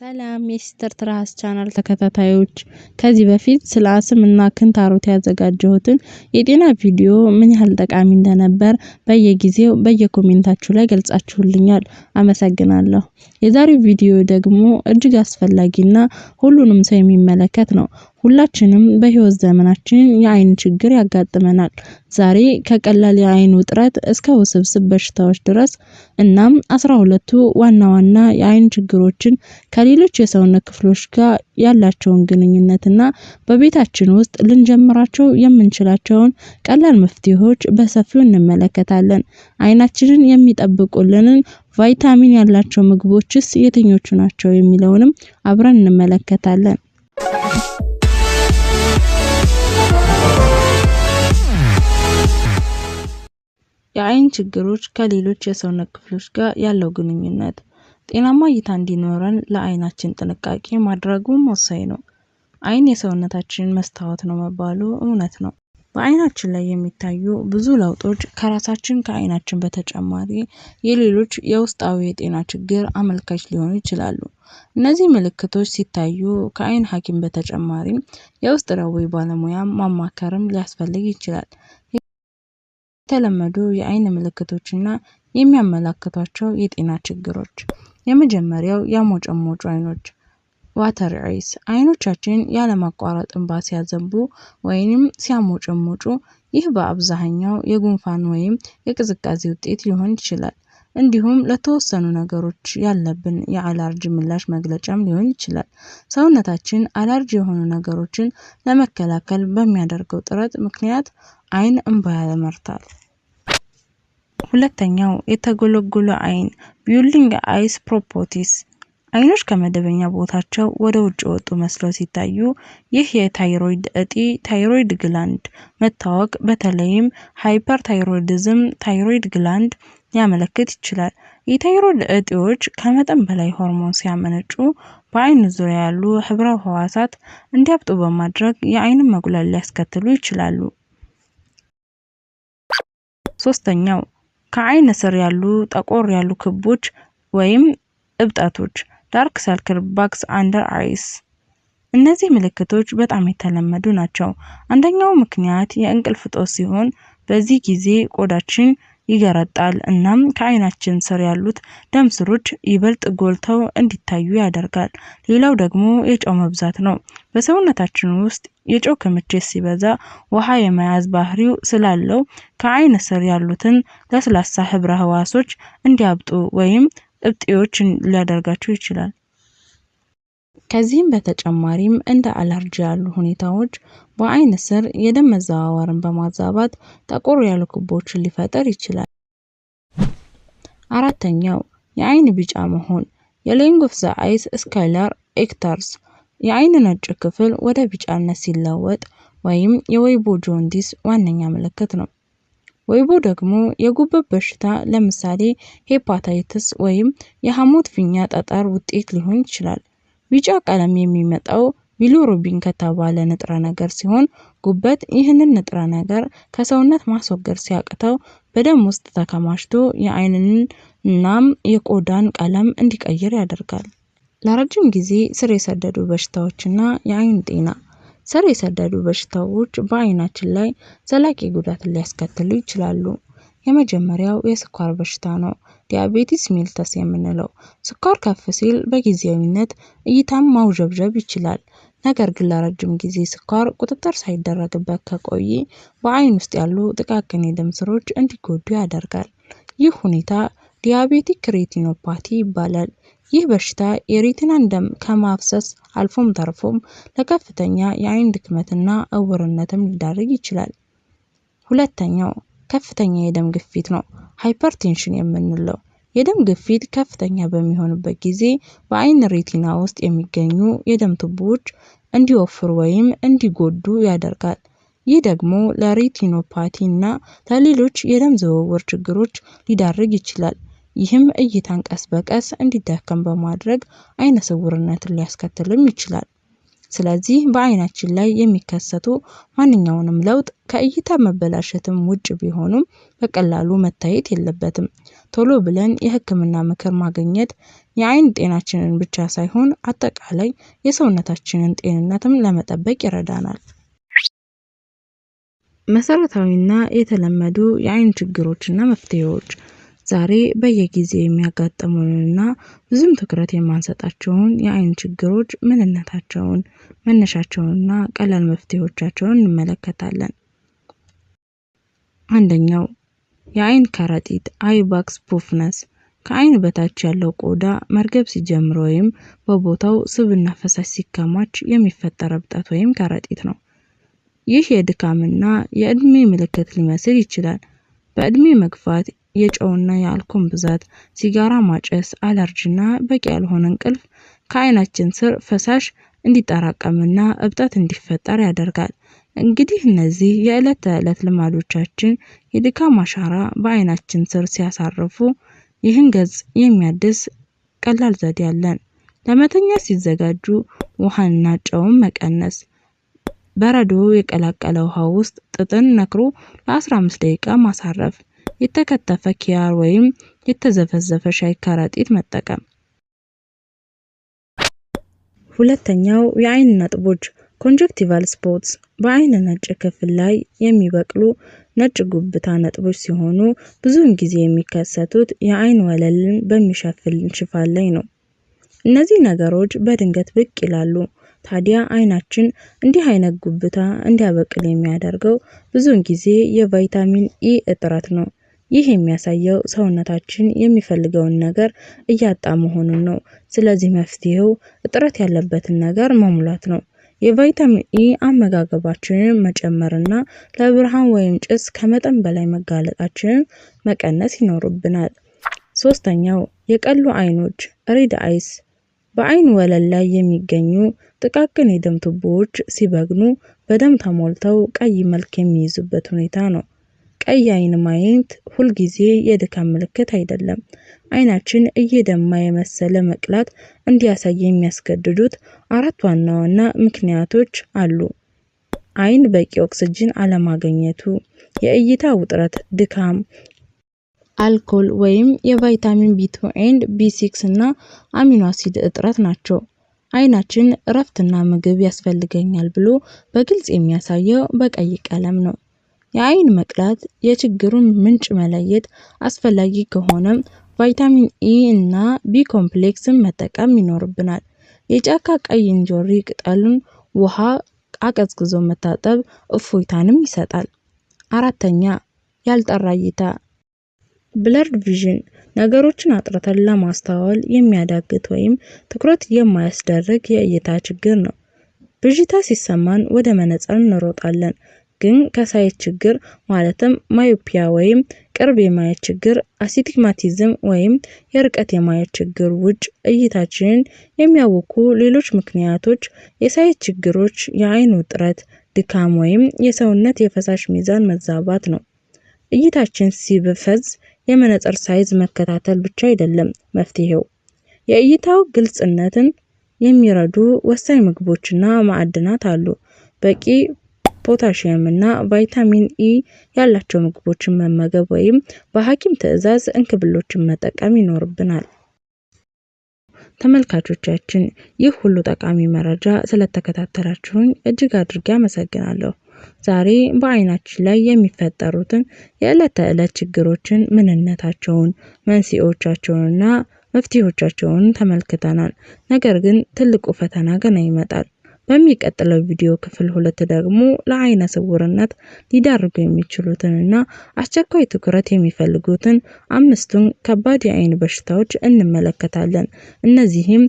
ሰላም የሲስተር ትራስ ቻናል ተከታታዮች፣ ከዚህ በፊት ስለ አስም እና ክንታሮት ያዘጋጀሁትን የጤና ቪዲዮ ምን ያህል ጠቃሚ እንደነበር በየጊዜው በየኮሜንታችሁ ላይ ገልጻችሁልኛል። አመሰግናለሁ። የዛሬው ቪዲዮ ደግሞ እጅግ አስፈላጊና ሁሉንም ሰው የሚመለከት ነው። ሁላችንም በህይወት ዘመናችን የአይን ችግር ያጋጥመናል። ዛሬ ከቀላል የአይን ውጥረት እስከ ውስብስብ በሽታዎች ድረስ። እናም አስራ ሁለቱ ዋና ዋና የአይን ችግሮችን ከሌሎች የሰውነት ክፍሎች ጋር ያላቸውን ግንኙነትና በቤታችን ውስጥ ልንጀምራቸው የምንችላቸውን ቀላል መፍትሄዎች በሰፊው እንመለከታለን። አይናችንን የሚጠብቁልንን ቫይታሚን ያላቸው ምግቦችስ የትኞቹ ናቸው? የሚለውንም አብረን እንመለከታለን። የአይን ችግሮች ከሌሎች የሰውነት ክፍሎች ጋር ያለው ግንኙነት ጤናማ እይታ እንዲኖረን ለአይናችን ጥንቃቄ ማድረጉም ወሳኝ ነው። አይን የሰውነታችን መስታወት ነው መባሉ እውነት ነው። በአይናችን ላይ የሚታዩ ብዙ ለውጦች ከራሳችን ከአይናችን በተጨማሪ የሌሎች የውስጣዊ የጤና ችግር አመልካች ሊሆኑ ይችላሉ። እነዚህ ምልክቶች ሲታዩ ከአይን ሐኪም በተጨማሪ የውስጥ ደዌ ባለሙያ ማማከርም ሊያስፈልግ ይችላል። የተለመዱ የአይን ምልክቶችና የሚያመላክቷቸው የጤና ችግሮች የመጀመሪያው ያሞጨሞጩ አይኖች ዋተር አይስ አይኖቻችን ያለማቋረጥ እንባ ሲያዘንቡ ወይም ሲያሞጨሞጩ፣ ይህ በአብዛኛው የጉንፋን ወይም የቅዝቃዜ ውጤት ሊሆን ይችላል። እንዲሁም ለተወሰኑ ነገሮች ያለብን የአላርጂ ምላሽ መግለጫም ሊሆን ይችላል። ሰውነታችን አላርጂ የሆኑ ነገሮችን ለመከላከል በሚያደርገው ጥረት ምክንያት አይን እንባ ያለመርታል። ሁለተኛው የተጎለጎለ አይን ቢዩልዲንግ አይስ ፕሮፖቲስ አይኖች ከመደበኛ ቦታቸው ወደ ውጭ ወጡ መስለው ሲታዩ፣ ይህ የታይሮይድ እጢ ታይሮይድ ግላንድ መታወቅ በተለይም ሃይፐርታይሮይዲዝም ታይሮይድ ግላንድ ሊያመለክት ይችላል። የታይሮይድ እጢዎች ከመጠን በላይ ሆርሞን ሲያመነጩ በአይን ዙሪያ ያሉ ህብረ ህዋሳት እንዲያብጡ በማድረግ የአይን መጉላል ሊያስከትሉ ይችላሉ። ሶስተኛው ከአይን ስር ያሉ ጠቆር ያሉ ክቦች ወይም እብጠቶች ዳርክ ሰርክል፣ ባግስ አንደር አይስ እነዚህ ምልክቶች በጣም የተለመዱ ናቸው። አንደኛው ምክንያት የእንቅልፍ እጦት ሲሆን በዚህ ጊዜ ቆዳችን ይገረጣል እናም ከአይናችን ስር ያሉት ደም ስሮች ይበልጥ ጎልተው እንዲታዩ ያደርጋል። ሌላው ደግሞ የጨው መብዛት ነው። በሰውነታችን ውስጥ የጨው ክምችት ሲበዛ ውሃ የመያዝ ባህሪው ስላለው ከአይን ስር ያሉትን ለስላሳ ህብረ ህዋሶች እንዲያብጡ ወይም እብጤዎች ሊያደርጋቸው ይችላል። ከዚህም በተጨማሪም እንደ አለርጂ ያሉ ሁኔታዎች በአይን ስር የደም መዘዋወርን በማዛባት ጠቆር ያሉ ክቦችን ሊፈጥር ይችላል። አራተኛው የአይን ቢጫ መሆን የሌንጉፍ አይስ ስካይለር ኤክተርስ የአይን ነጭ ክፍል ወደ ቢጫነት ሲለወጥ ወይም የወይቦ ጆንዲስ ዋነኛ ምልክት ነው። ወይቦ ደግሞ የጉበት በሽታ ለምሳሌ ሄፓታይትስ ወይም የሐሞት ፊኛ ጠጠር ውጤት ሊሆን ይችላል። ቢጫ ቀለም የሚመጣው ቢሊሩቢን ከተባለ ንጥረ ነገር ሲሆን ጉበት ይህንን ንጥረ ነገር ከሰውነት ማስወገድ ሲያቅተው በደም ውስጥ ተከማችቶ የአይንን እናም የቆዳን ቀለም እንዲቀይር ያደርጋል። ለረጅም ጊዜ ስር የሰደዱ በሽታዎችና የአይን ጤና ስር የሰደዱ በሽታዎች በአይናችን ላይ ዘላቂ ጉዳት ሊያስከትሉ ይችላሉ። የመጀመሪያው የስኳር በሽታ ነው፣ ዲያቤቲስ ሜልተስ የምንለው። ስኳር ከፍ ሲል በጊዜያዊነት እይታም ማውዠብዠብ ይችላል። ነገር ግን ለረጅም ጊዜ ስኳር ቁጥጥር ሳይደረግበት ከቆየ በአይን ውስጥ ያሉ ጥቃቅን የደም ስሮች እንዲጎዱ ያደርጋል። ይህ ሁኔታ ዲያቤቲክ ሬቲኖፓቲ ይባላል። ይህ በሽታ የሬቲናን ደም ከማፍሰስ አልፎም ተርፎም ለከፍተኛ የአይን ድክመትና እውርነትም ሊዳርግ ይችላል። ሁለተኛው ከፍተኛ የደም ግፊት ነው። ሃይፐርቴንሽን የምንለው የደም ግፊት ከፍተኛ በሚሆንበት ጊዜ በአይን ሬቲና ውስጥ የሚገኙ የደም ቱቦዎች እንዲወፍሩ ወይም እንዲጎዱ ያደርጋል። ይህ ደግሞ ለሬቲኖፓቲ እና ለሌሎች የደም ዝውውር ችግሮች ሊዳርግ ይችላል። ይህም እይታን ቀስ በቀስ እንዲዳከም በማድረግ አይነ ስውርነትን ሊያስከትልም ይችላል። ስለዚህ በአይናችን ላይ የሚከሰቱ ማንኛውንም ለውጥ ከእይታ መበላሸትም ውጭ ቢሆኑም በቀላሉ መታየት የለበትም። ቶሎ ብለን የሕክምና ምክር ማግኘት የአይን ጤናችንን ብቻ ሳይሆን አጠቃላይ የሰውነታችንን ጤንነትም ለመጠበቅ ይረዳናል። መሰረታዊና የተለመዱ የአይን ችግሮችና መፍትሄዎች ዛሬ በየጊዜው የሚያጋጥሙንና ብዙም ትኩረት የማንሰጣቸውን የአይን ችግሮች ምንነታቸውን፣ መነሻቸውንና ቀላል መፍትሄዎቻቸውን እንመለከታለን። አንደኛው የአይን ከረጢት አይ ባክስ ፑፍነስ ከአይን በታች ያለው ቆዳ መርገብ ሲጀምር ወይም በቦታው ስብና ፈሳሽ ሲከማች የሚፈጠር እብጠት ወይም ከረጢት ነው። ይህ የድካምና የእድሜ ምልክት ሊመስል ይችላል። በእድሜ መግፋት የጨውና የአልኮል ብዛት፣ ሲጋራ ማጨስ፣ አለርጂና በቂ ያልሆነ እንቅልፍ ከአይናችን ስር ፈሳሽ እንዲጠራቀምና እብጠት እንዲፈጠር ያደርጋል። እንግዲህ እነዚህ የዕለት ተዕለት ልማዶቻችን የድካም አሻራ በአይናችን ስር ሲያሳርፉ፣ ይህን ገጽ የሚያድስ ቀላል ዘዴ አለን። ለመተኛ ሲዘጋጁ ውሃና ጨውን መቀነስ። በረዶ የቀላቀለ ውሃ ውስጥ ጥጥን ነክሮ ለ15 ደቂቃ ማሳረፍ የተከተፈ ኪያር ወይም የተዘፈዘፈ ሻይ ከረጢት መጠቀም። ሁለተኛው የአይን ነጥቦች ኮንጀክቲቫል ስፖትስ በአይን ነጭ ክፍል ላይ የሚበቅሉ ነጭ ጉብታ ነጥቦች ሲሆኑ ብዙውን ጊዜ የሚከሰቱት የአይን ወለልን በሚሸፍን ሽፋን ላይ ነው። እነዚህ ነገሮች በድንገት ብቅ ይላሉ ታዲያ አይናችን እንዲህ አይነት ጉብታ እንዲያበቅል የሚያደርገው ብዙውን ጊዜ የቫይታሚን ኢ እጥረት ነው። ይህ የሚያሳየው ሰውነታችን የሚፈልገውን ነገር እያጣ መሆኑን ነው። ስለዚህ መፍትሄው እጥረት ያለበትን ነገር መሙላት ነው። የቫይታሚን ኢ አመጋገባችንን መጨመርና ለብርሃን ወይም ጭስ ከመጠን በላይ መጋለጣችንን መቀነስ ይኖርብናል። ሶስተኛው የቀሉ አይኖች ሪድ አይስ በዓይን ወለል ላይ የሚገኙ ጥቃቅን የደም ቱቦዎች ሲበግኑ በደም ተሞልተው ቀይ መልክ የሚይዙበት ሁኔታ ነው። ቀይ አይን ማየት ሁልጊዜ የድካም ምልክት አይደለም። አይናችን እየደማ የመሰለ መቅላት እንዲያሳይ የሚያስገድዱት አራት ዋና ዋና ምክንያቶች አሉ። አይን በቂ ኦክስጅን አለማግኘቱ፣ የእይታ ውጥረት፣ ድካም፣ አልኮል ወይም የቫይታሚን ቢ2 ኤንድ ቢ6 እና አሚኖ አሲድ እጥረት ናቸው። አይናችን እረፍትና ምግብ ያስፈልገኛል ብሎ በግልጽ የሚያሳየው በቀይ ቀለም ነው። የአይን መቅላት የችግሩን ምንጭ መለየት አስፈላጊ ከሆነም ቫይታሚን ኢ እና ቢ ኮምፕሌክስን መጠቀም ይኖርብናል። የጫካ ቀይ እንጆሪ ቅጠሉን ውሃ አቀዝቅዞ መታጠብ እፎይታንም ይሰጣል። አራተኛ ያልጠራ እይታ ብለርድ ቪዥን ነገሮችን አጥርተን ለማስተዋል የሚያዳግት ወይም ትኩረት የማያስደርግ የእይታ ችግር ነው። ብዥታ ሲሰማን ወደ መነጽር እንሮጣለን። ግን ከሳይት ችግር ማለትም ማዮፒያ ወይም ቅርብ የማየት ችግር፣ አሲቲግማቲዝም ወይም የርቀት የማየት ችግር ውጭ እይታችንን የሚያውኩ ሌሎች ምክንያቶች የሳይት ችግሮች የአይን ውጥረት፣ ድካም ወይም የሰውነት የፈሳሽ ሚዛን መዛባት ነው። እይታችን ሲበፈዝ የመነጽር ሳይዝ መከታተል ብቻ አይደለም መፍትሄው። የእይታው ግልጽነትን የሚረዱ ወሳኝ ምግቦችና ማዕድናት አሉ። በቂ ፖታሺየም እና ቫይታሚን ኢ ያላቸው ምግቦችን መመገብ ወይም በሐኪም ትዕዛዝ እንክብሎችን መጠቀም ይኖርብናል። ተመልካቾቻችን፣ ይህ ሁሉ ጠቃሚ መረጃ ስለተከታተላችሁኝ እጅግ አድርጌ አመሰግናለሁ። ዛሬ በአይናችን ላይ የሚፈጠሩትን የዕለት ተዕለት ችግሮችን ምንነታቸውን፣ መንስኤዎቻቸውንና መፍትሄዎቻቸውን ተመልክተናል። ነገር ግን ትልቁ ፈተና ገና ይመጣል። በሚቀጥለው ቪዲዮ ክፍል ሁለት ደግሞ ለአይነ ስውርነት ሊዳርጉ የሚችሉትንና አስቸኳይ ትኩረት የሚፈልጉትን አምስቱን ከባድ የአይን በሽታዎች እንመለከታለን። እነዚህም